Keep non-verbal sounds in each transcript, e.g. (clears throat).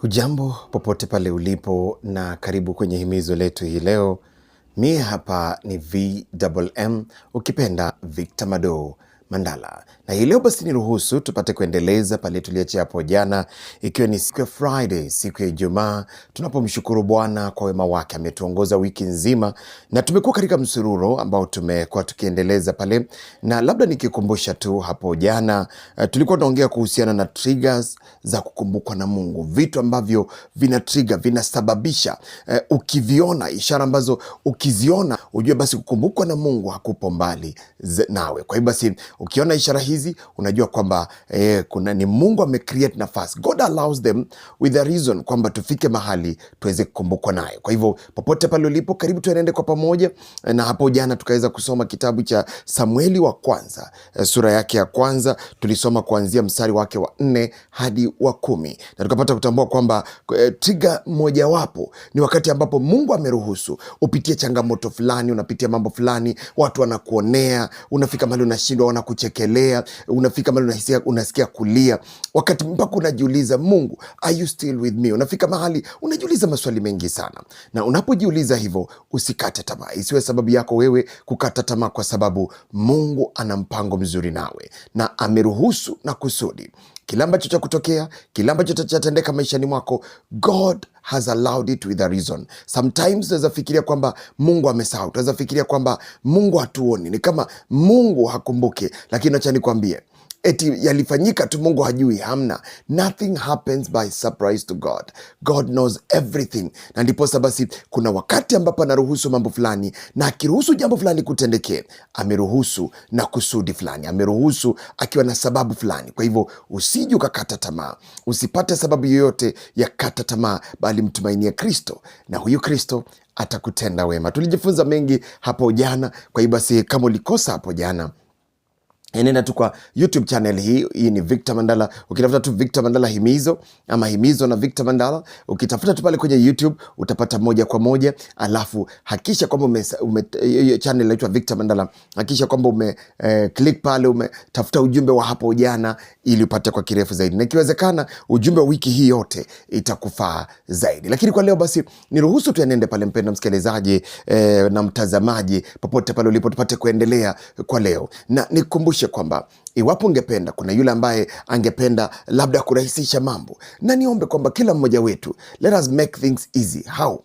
Hujambo popote pale ulipo na karibu kwenye himizo letu hii leo. Mie hapa ni VMM ukipenda Victor Mado. Mandala. Na hii leo basi, niruhusu tupate kuendeleza pale tuliachia hapo jana, ikiwa ni siku ya Friday, siku ya Ijumaa, tunapomshukuru Bwana kwa wema wake. Ametuongoza wiki nzima na tumekuwa katika msururo ambao tumekuwa tukiendeleza pale, na labda nikikumbusha tu hapo jana, uh, tulikuwa tunaongea kuhusiana na triggers za kukumbukwa na Mungu, vitu ambavyo vina trigger, vinasababisha uh, ukiviona, ishara ambazo ukiziona ujue basi kukumbukwa na Mungu hakupo mbali nawe. Kwa hiyo basi Ukiona ishara hizi unajua kwamba eh, kuna ni Mungu ame create nafasi. God allows them with a reason kwamba tufike mahali tuweze kukumbukwa naye. Kwa hivyo popote pale ulipo, karibu tuende kwa pamoja. Eh, na hapo jana tukaweza kusoma kitabu cha Samueli wa kwanza eh, sura yake ya kwanza, tulisoma kuanzia mstari wake wa nne hadi wa kumi na tukapata kutambua kwamba eh, tiga mojawapo ni wakati ambapo Mungu ameruhusu upitie changamoto fulani, unapitia mambo fulani, watu wanakuonea, unafika mahali unashindwa, wanaku kuchekelea, unafika mahali unahisia, unasikia kulia, wakati mpaka unajiuliza Mungu, are you still with me? Unafika mahali unajiuliza maswali mengi sana, na unapojiuliza hivyo, usikate tamaa. Isiwe sababu yako wewe kukata tamaa, kwa sababu Mungu ana mpango mzuri nawe na ameruhusu na kusudi kila ambacho cha kutokea, kila ambacho chatendeka maishani mwako, God has allowed it with a reason. Sometimes tunaweza fikiria kwamba Mungu amesahau, tunaweza fikiria kwamba Mungu hatuoni, ni kama Mungu hakumbuki, lakini acha nikwambie eti yalifanyika tu, Mungu hajui. Hamna, nothing happens by surprise to God. God knows everything. Na ndiposa basi kuna wakati ambapo anaruhusu mambo fulani, na akiruhusu jambo fulani kutendekee, ameruhusu na kusudi fulani, ameruhusu akiwa na sababu fulani. Kwa hivyo usije ukakata tamaa, usipate sababu yoyote ya kata tamaa, bali mtumainie Kristo, na huyu Kristo atakutenda wema. Tulijifunza mengi hapo jana. Kwa hiyo basi, kama ulikosa hapo jana Nenda tu kwa YouTube channel hii, hii ni Victor Mandala. Ukitafuta tu Victor Mandala himizo ama himizo na Victor Mandala, ukitafuta tu pale kwenye YouTube utapata moja kwa moja, alafu hakisha kwamba ume, ume channel inaitwa Victor Mandala, hakisha kwamba ume eh, click pale, umetafuta ujumbe wa hapo jana ili upate kwa kirefu zaidi, na ikiwezekana ujumbe wa wiki hii yote itakufaa zaidi. Lakini kwa leo basi niruhusu tu tuenende pale, mpendwa msikilizaji eh, na mtazamaji, popote pale ulipo tupate kuendelea kwa leo na nikumbushe nikukumbushe kwamba iwapo ungependa, kuna yule ambaye angependa labda kurahisisha mambo, na niombe kwamba kila mmoja wetu, let us make things easy. How?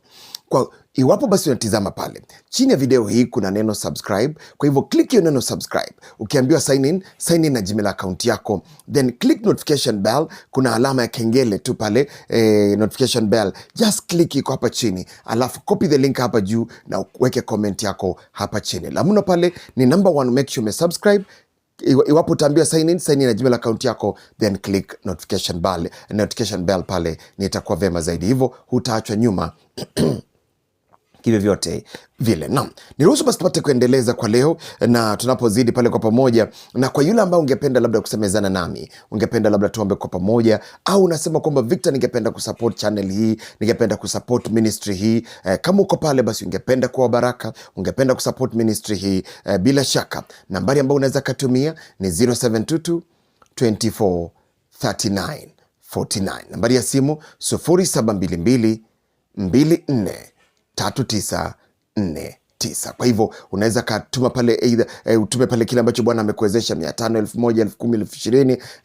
Kwa iwapo basi unatizama pale chini ya video hii kuna neno subscribe. Kwa hivyo click hiyo neno subscribe. Ukiambiwa sign in, sign in na Gmail account yako, then click notification bell. Kuna alama ya kengele tu pale eh, notification bell just click, iko hapa chini, alafu copy the link hapa juu na uweke comment yako hapa chini. La muno pale ni number one, make sure umesubscribe iwapo utaambiwa sign in, sign in na Gmail account yako, then click notification bell, notification bell pale, nitakuwa vyema zaidi, hivyo hutaachwa nyuma (clears throat) vyote vile. Naam, niruhusu basi tupate kuendeleza kwa leo na tunapozidi pale kwa pamoja, na kwa yule ambaye ungependa labda kusemezana nami, ungependa labda tuombe kwa pamoja, au unasema kwamba Victor, ningependa kusupport channel hii, ningependa kusupport ministry hii eh, kama uko pale basi ungependa kuwa baraka, ungependa kusupport ministry hii eh, bila shaka nambari ambayo unaweza katumia ni 0722 24 39 49, nambari ya simu 0722 24 3949 Kwa hivyo unaweza katuma pale either, eh, utume pale kile ambacho Bwana amekuwezesha 500, 1000, elfu moja,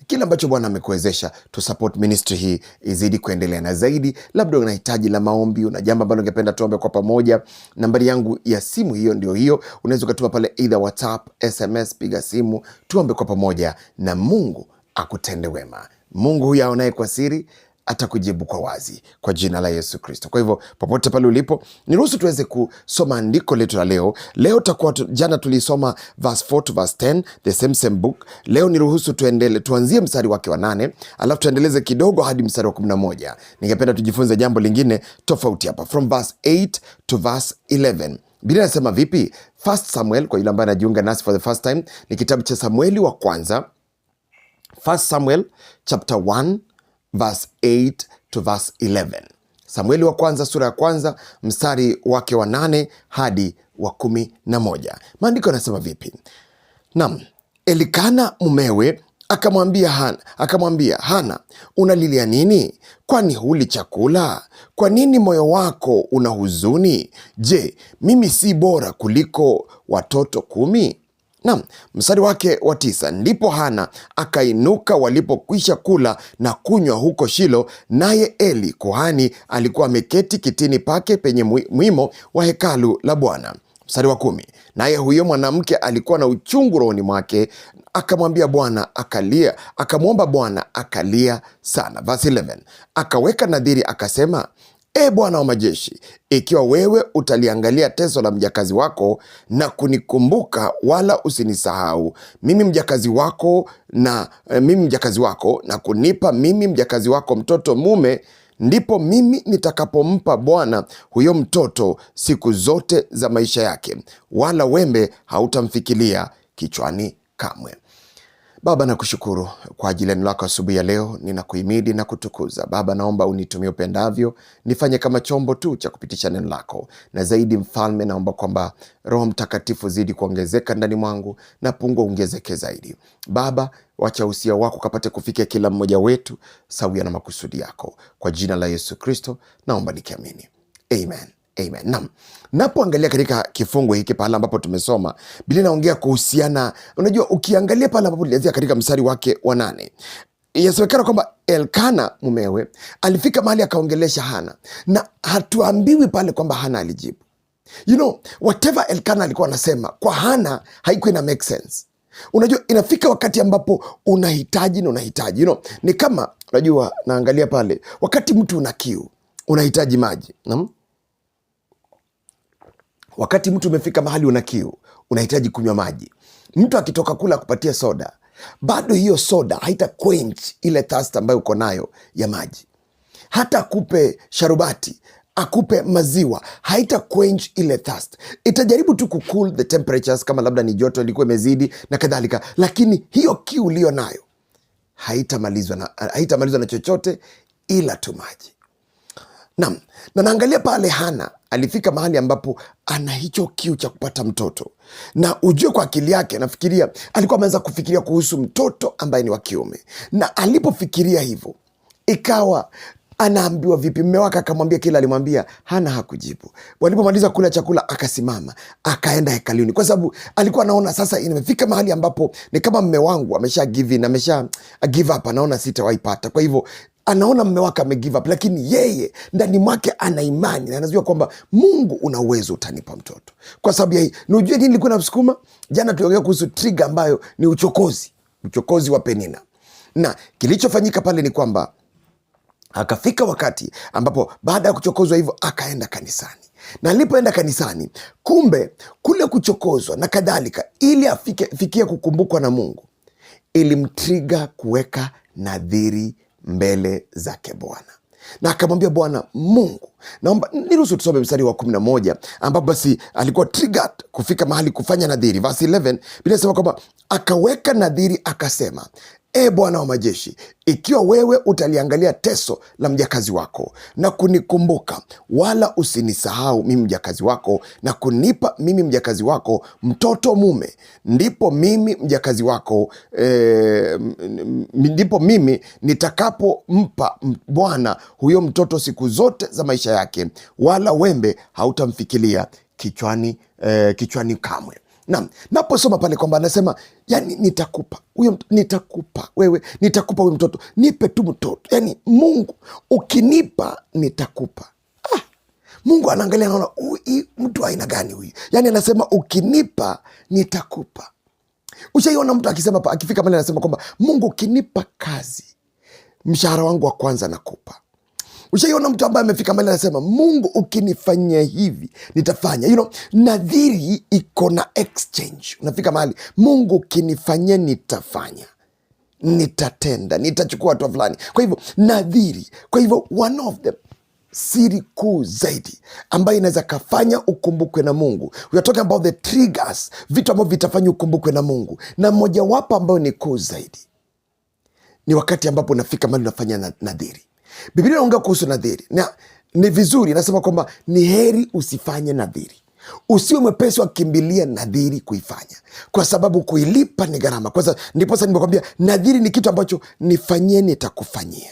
kile ambacho Bwana amekuwezesha to support ministry hii izidi kuendelea. Na zaidi, labda unahitaji la maombi, una jambo ambalo ungependa tuombe kwa pamoja, nambari yangu ya simu hiyo ndio hiyo. Unaweza ukatuma pale either WhatsApp, SMS, piga simu, tuombe kwa pamoja na Mungu akutende wema. Mungu huyo aonaye kwa siri atakujibu kwa wazi kwa jina la Yesu Kristo. Kwa hivyo popote pale ulipo, niruhusu tuweze kusoma andiko letu la leo. Leo takuwa jana tulisoma verse 4 to verse 10, the same same book. Leo niruhusu tuendele, tuanzie mstari wake wa nane alafu tuendeleze kidogo hadi mstari wa 11. Ningependa tujifunze jambo lingine tofauti hapa, from verse 8 to verse 11. Biblia inasema vipi? First Samuel, kwa yule ambaye anajiunga nasi for the first time, ni kitabu cha Samueli wa kwanza, First Samuel chapter verse 8 to verse 11. Samueli wa kwanza sura ya kwanza mstari wake wa nane hadi wa kumi na moja. Maandiko yanasema vipi? Naam, Elikana mumewe akamwambia Hana, akamwambia Hana, unalilia nini? Kwani huli chakula? Kwa nini moyo wako una huzuni? Je, mimi si bora kuliko watoto kumi? na mstari wake wa tisa, ndipo Hana akainuka walipokwisha kula na kunywa huko Shilo, naye Eli kuhani alikuwa ameketi kitini pake penye mwimo wa hekalu la Bwana. Mstari wa kumi, naye huyo mwanamke alikuwa na uchungu rohoni mwake, akamwambia Bwana akalia, akamwomba Bwana akalia sana. Verse 11, akaweka nadhiri akasema E Bwana wa majeshi, ikiwa wewe utaliangalia teso la mjakazi wako na kunikumbuka wala usinisahau mimi mjakazi wako na e, mimi mjakazi wako na kunipa mimi mjakazi wako mtoto mume, ndipo mimi nitakapompa Bwana huyo mtoto siku zote za maisha yake, wala wembe hautamfikilia kichwani kamwe. Baba, nakushukuru kwa ajili ya neno lako asubuhi ya leo, ninakuhimidi na kutukuza. Baba, naomba unitumie upendavyo, nifanye kama chombo tu cha kupitisha neno lako, na zaidi Mfalme, naomba kwamba Roho Mtakatifu zidi kuongezeka ndani mwangu na pungwa ungezeke zaidi. Baba, wacha usia wako kapate kufikia kila mmoja wetu sawia na makusudi yako, kwa jina la Yesu Kristo naomba nikiamini, amen. Amen. Naam. Napoangalia katika kifungu hiki pale ambapo tumesoma, Biblia inaongea kuhusiana, unajua ukiangalia pale ambapo tulianzia katika mstari wake wa nane Yasemekana kwamba Elkana mumewe alifika mahali akaongelesha Hana, na hatuambiwi pale kwamba Hana alijibu. You know, whatever Elkana alikuwa anasema kwa Hana haikuwa ina make sense. Unajua, inafika wakati ambapo unahitaji na unahitaji, you know, ni kama unajua, naangalia pale wakati mtu una kiu, unahitaji maji, naam Wakati mtu umefika mahali una kiu, unahitaji kunywa maji. Mtu akitoka kula akupatia soda, bado hiyo soda haita quench ile thirst ambayo uko nayo ya maji. Hata akupe sharubati, akupe maziwa, haita quench ile thirst. Itajaribu tu kucool the temperatures, kama labda ni joto ilikuwa imezidi na kadhalika, lakini hiyo kiu uliyo nayo haitamalizwa na, haitamalizwa na chochote ila tu maji. Naam, na naangalia pale, Hana alifika mahali ambapo ana hicho kiu cha kupata mtoto, na ujue kwa akili yake nafikiria alikuwa ameanza kufikiria kuhusu mtoto ambaye ni wa kiume, na alipofikiria hivyo ikawa anaambiwa vipi? Mme wake akamwambia kila alimwambia, Hana hakujibu. Walipomaliza kula chakula, akasimama akaenda hekaluni, kwa sababu alikuwa anaona sasa imefika mahali ambapo ni kama mme wangu amesha give in, amesha give up, anaona sitawaipata, kwa hivyo anaona mme wake amegive up, lakini yeye ndani mwake ana imani na anajua kwamba Mungu una uwezo utanipa mtoto. Kwa sababu ya hii Ni ujue nini ilikuwa namsukuma. Jana tuliongea kuhusu trigger ambayo ni uchokozi, uchokozi wa Penina, na kilichofanyika pale ni kwamba akafika wakati ambapo baada ya kuchokozwa hivyo akaenda kanisani na alipoenda kanisani, kumbe kule kuchokozwa na kadhalika, ili afikie kukumbukwa na Mungu, ilimtriga kuweka nadhiri mbele zake Bwana na akamwambia Bwana Mungu, naomba niruhusu tusome mstari wa kumi na moja ambapo basi alikuwa triggered kufika mahali kufanya nadhiri. Verse 11 Biblia inasema kwamba akaweka nadhiri akasema, E Bwana wa majeshi, ikiwa wewe utaliangalia teso la mjakazi wako na kunikumbuka, wala usinisahau mimi mjakazi wako, na kunipa mimi mjakazi wako mtoto mume, ndipo mimi mjakazi wako e, ndipo mimi nitakapompa Bwana huyo mtoto siku zote za maisha yake, wala wembe hautamfikilia kichwani, e, kichwani kamwe. Naam, naposoma pale kwamba anasema yani, nitakupa huyo, nitakupa wewe, nitakupa huyo mtoto, nipe tu mtoto. Yani Mungu ukinipa, nitakupa. Ah, Mungu anaangalia anaona mtu aina gani huyu. Yani anasema ukinipa, nitakupa. Ushaiona mtu akisema akifika pale anasema kwamba Mungu ukinipa kazi, mshahara wangu wa kwanza nakupa Ushaiona mtu ambaye amefika mbali anasema, Mungu ukinifanyia hivi nitafanya. You know, nadhiri iko na exchange. Unafika mahali, Mungu ukinifanyia nitafanya nitatenda nitachukua hatua fulani. Kwa hivyo nadhiri, kwa hivyo one of them siri kuu zaidi ambayo inaweza kafanya ukumbukwe na Mungu. We are talking about the triggers, vitu ambavyo vitafanya ukumbukwe na Mungu, na mojawapo ambayo ni kuu zaidi ni wakati ambapo unafika mali unafanya nadhiri. Biblia inaongea kuhusu nadhiri na ni vizuri, inasema kwamba ni heri usifanye nadhiri usiwe mwepesi wa nadhiri kuifanya, kwa sababu kuilipa ni gharama. Kwanza ndiposa nimekwambia nadhiri ni kitu ambacho nifanyeni nitakufanyia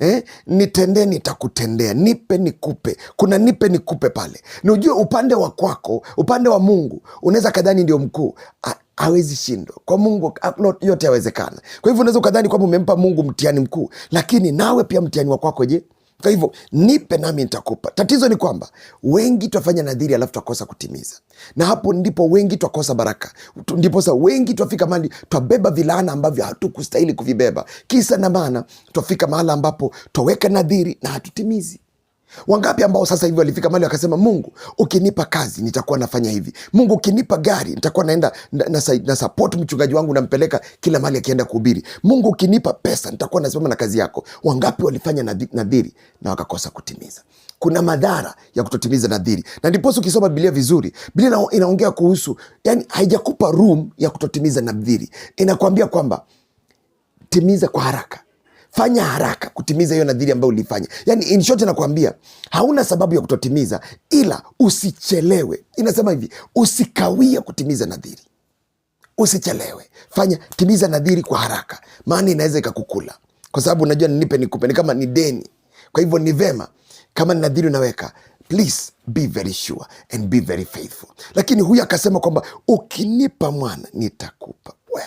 Eh, nitendee nitakutendea, nipe nikupe. Kuna nipe nikupe pale, ni ujue upande wa kwako, upande wa Mungu unaweza kadhani ndio mkuu. Ah, hawezi shindwa. Kwa Mungu ah, yote yawezekana. Kwa hivyo unaweza ukadhani kwamba umempa Mungu mtihani mkuu, lakini nawe pia mtihani wa kwako je? Kwa hivyo nipe nami nitakupa. Tatizo ni kwamba wengi twafanya nadhiri alafu twakosa kutimiza, na hapo ndipo wengi twakosa baraka, ndiposa wengi twafika mahali twabeba vilaana ambavyo hatukustahili kuvibeba. Kisa na maana twafika mahala ambapo twaweka nadhiri na hatutimizi. Wangapi ambao sasa hivi walifika mali wakasema, Mungu ukinipa kazi nitakuwa nafanya hivi, Mungu ukinipa gari nitakuwa naenda na, na support mchungaji wangu nampeleka kila mali akienda kuhubiri, Mungu ukinipa pesa nitakuwa nasimama na kazi yako. Wangapi walifanya nadhiri na wakakosa kutimiza? Kuna madhara ya kutotimiza nadhiri, na ndiposa ukisoma Biblia vizuri, Biblia inaongea kuhusu, yani haijakupa room ya kutotimiza nadhiri, inakuambia kwamba timiza kwa haraka fanya haraka kutimiza hiyo nadhiri ambayo ulifanya. Yani in short, nakwambia hauna sababu ya kutotimiza, ila usichelewe. Inasema hivi, usikawia kutimiza nadhiri, usichelewe, fanya timiza nadhiri kwa haraka, maana inaweza ikakukula, kwa sababu unajua nilipe nikupe ni kama ni deni. Kwa hivyo ni vema kama ni nadhiri unaweka Please be very sure and be very faithful. Lakini huyu akasema kwamba ukinipa mwana nitakupa. We,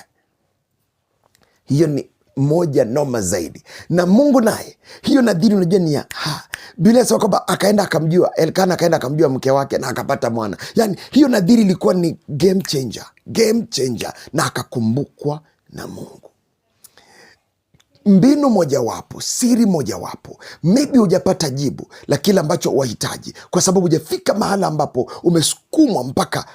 hiyo ni moja noma zaidi na Mungu naye, hiyo nadhiri unajua ni ya Biblia sema kwamba akaenda akamjua Elkana, akaenda akamjua mke wake na akapata mwana. Yani hiyo nadhiri ilikuwa ni game changer, game changer, na akakumbukwa na Mungu. Mbinu mojawapo, siri mojawapo, maybe hujapata jibu la kile ambacho wahitaji, kwa sababu hujafika mahala ambapo umesukumwa mpaka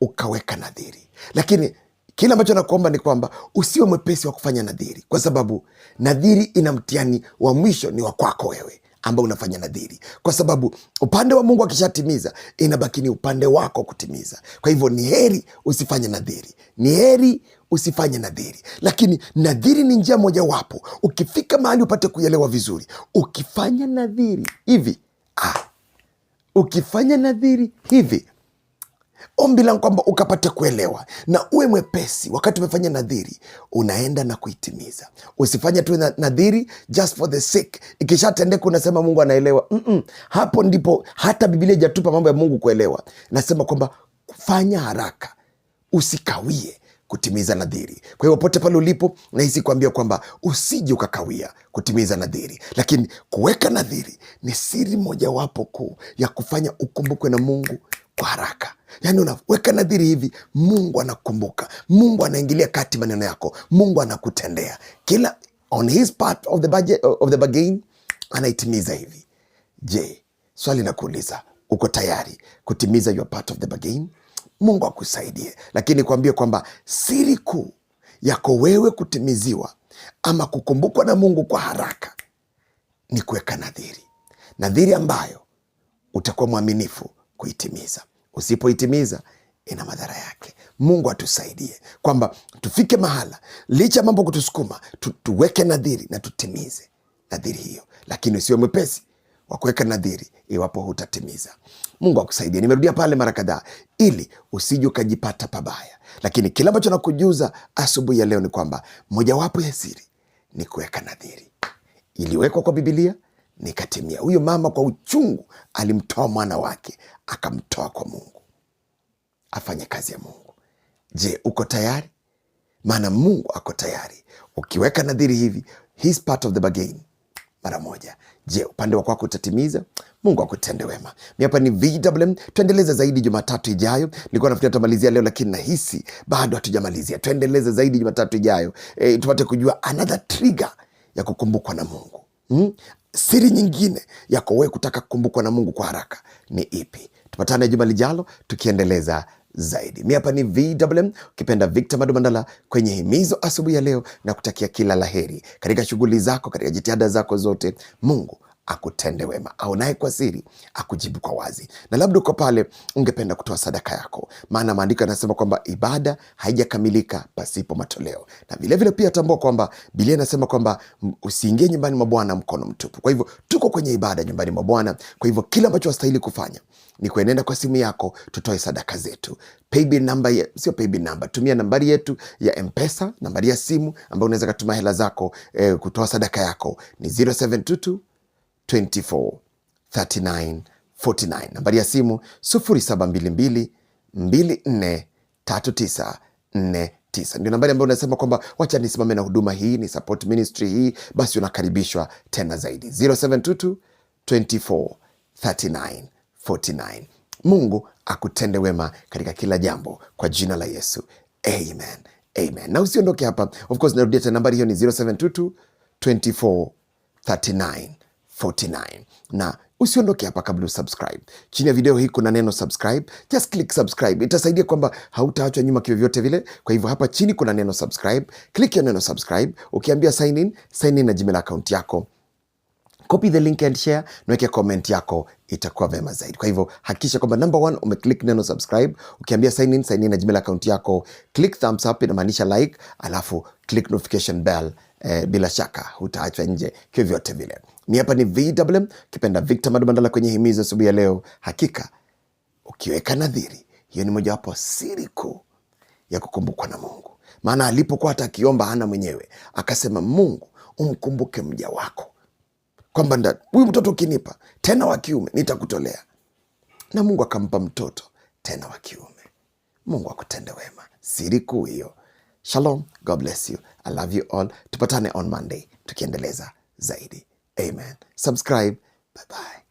ukaweka nadhiri, lakini Kile ambacho nakuomba ni kwamba usiwe mwepesi wa kufanya nadhiri, kwa sababu nadhiri ina mtihani wa mwisho, ni wa kwako wewe ambao unafanya nadhiri, kwa sababu upande wa Mungu akishatimiza inabaki ni upande wako kutimiza. Kwa hivyo ni heri usifanye nadhiri, ni heri usifanye nadhiri. Lakini nadhiri ni njia mojawapo, ukifika mahali upate kuelewa vizuri. Ukifanya nadhiri hivi ah, ukifanya nadhiri hivi ombi langu kwamba ukapate kuelewa na uwe mwepesi wakati umefanya nadhiri, unaenda na kuitimiza. Usifanye tu nadhiri just for the sake, ikishatendeka unasema Mungu anaelewa. mm -mm. Hapo ndipo hata Biblia ijatupa mambo ya Mungu kuelewa. Nasema kwamba fanya haraka, usikawie kutimiza nadhiri. Kwa hiyo popote pale ulipo, nahisi kuambia kwamba usije ukakawia kutimiza nadhiri, lakini kuweka nadhiri ni siri mojawapo kuu ya kufanya ukumbukwe na Mungu kwa haraka. Yaani unaweka nadhiri hivi, Mungu anakumbuka, Mungu anaingilia kati maneno yako, Mungu anakutendea kila on his part of the budget, of the bargain anaitimiza hivi. Je, swali nakuuliza, uko tayari kutimiza your part of the bargain? Mungu akusaidie, lakini kuambie kwamba siri kuu yako wewe kutimiziwa ama kukumbukwa na Mungu kwa haraka ni kuweka nadhiri, nadhiri ambayo utakuwa mwaminifu kuitimiza usipoitimiza ina madhara yake. Mungu atusaidie kwamba tufike mahala, licha ya mambo kutusukuma tu, tuweke nadhiri na tutimize nadhiri hiyo, lakini usiwe mwepesi wa kuweka nadhiri iwapo hutatimiza. Mungu akusaidia. Nimerudia pale mara kadhaa ili usije ukajipata pabaya, lakini kile ambacho nakujuza asubuhi ya leo ni kwamba mojawapo ya siri ni kuweka nadhiri. Iliwekwa kwa Bibilia, nikatimia. Huyo mama kwa uchungu alimtoa mwana wake, akamtoa kwa Mungu afanye kazi ya Mungu. Je, uko tayari? Maana Mungu ako tayari. Ukiweka nadhiri hivi, his part of the bargain mara moja. Je, upande wa kwako utatimiza? Mungu akutende wema. Mi hapa ni VMM, tuendeleze zaidi Jumatatu ijayo. Nilikuwa nafikiri tutamalizia leo, lakini nahisi bado hatujamalizia. Tuendeleze zaidi Jumatatu ijayo, e, tupate kujua another trigger ya kukumbukwa na Mungu. Hmm? siri nyingine yako wewe kutaka kukumbukwa na Mungu kwa haraka ni ipi? Tupatane juma lijalo tukiendeleza zaidi. Mi hapa ni VMM, ukipenda Victor madumandala kwenye himizo asubuhi ya leo na kutakia kila laheri katika shughuli zako, katika jitihada zako zote. Mungu akutende wema, au naye kwa siri akujibu kwa wazi. Na labda uko pale ungependa kutoa sadaka yako, maana maandiko yanasema kwamba ibada haijakamilika pasipo matoleo. Na vilevile pia tambua kwamba Biblia inasema kwamba usiingie nyumbani mwa Bwana mkono mtupu. Kwa hivyo tuko kwenye ibada nyumbani mwa Bwana, kwa hivyo kila ambacho wastahili kufanya ni kuenenda kwa simu yako tutoe sadaka zetu. Paybill namba sio paybill namba, tumia nambari yetu ya Mpesa, nambari ya simu ambayo unaweza katuma hela zako eh, kutoa sadaka yako ni 0722 Nambari ya simu 0722 ndio nambari ambayo unasema kwamba wacha nisimame na huduma hii, ni support ministry hii, basi unakaribishwa tena zaidi 0722 Mungu akutende wema katika kila jambo kwa jina la Yesu, amen, amen. Na usiondoke hapa, of course narudia tena, nambari hiyo ni 0722 49 na usiondoke hapa kabla usubscribe. Chini ya video hii kuna neno subscribe. Just click subscribe. Itasaidia kwamba hautaachwa nyuma kivyovyote vile. Kwa hivyo hapa chini kuna neno subscribe. Click hiyo neno subscribe. Ukiambia sign in, sign in na Gmail account yako. Copy the link and share, naweke comment yako, itakuwa vema zaidi. Kwa hivyo hakikisha kwamba number one, umeclick neno subscribe. Ukiambia sign in, sign in na Gmail account yako. Click thumbs up inamaanisha like, alafu click notification bell. Eh, bila shaka hutaachwa nje kivyovyote vile. Ni hapa ni VMM kipenda Victor Madumandala kwenye himizo asubuhi ya leo. Hakika ukiweka nadhiri, hiyo ni mojawapo siri kuu ya kukumbukwa na Mungu, maana alipokuwa hata akiomba ana mwenyewe akasema, Mungu umkumbuke mja wako, kwamba huyu mtoto ukinipa tena wa kiume nitakutolea. Na Mungu akampa mtoto tena wa kiume. Mungu akutende wema, siri kuu hiyo. Shalom, God bless you, I love you all. Tupatane on Monday tukiendeleza zaidi. Amen. Subscribe. Bye bye.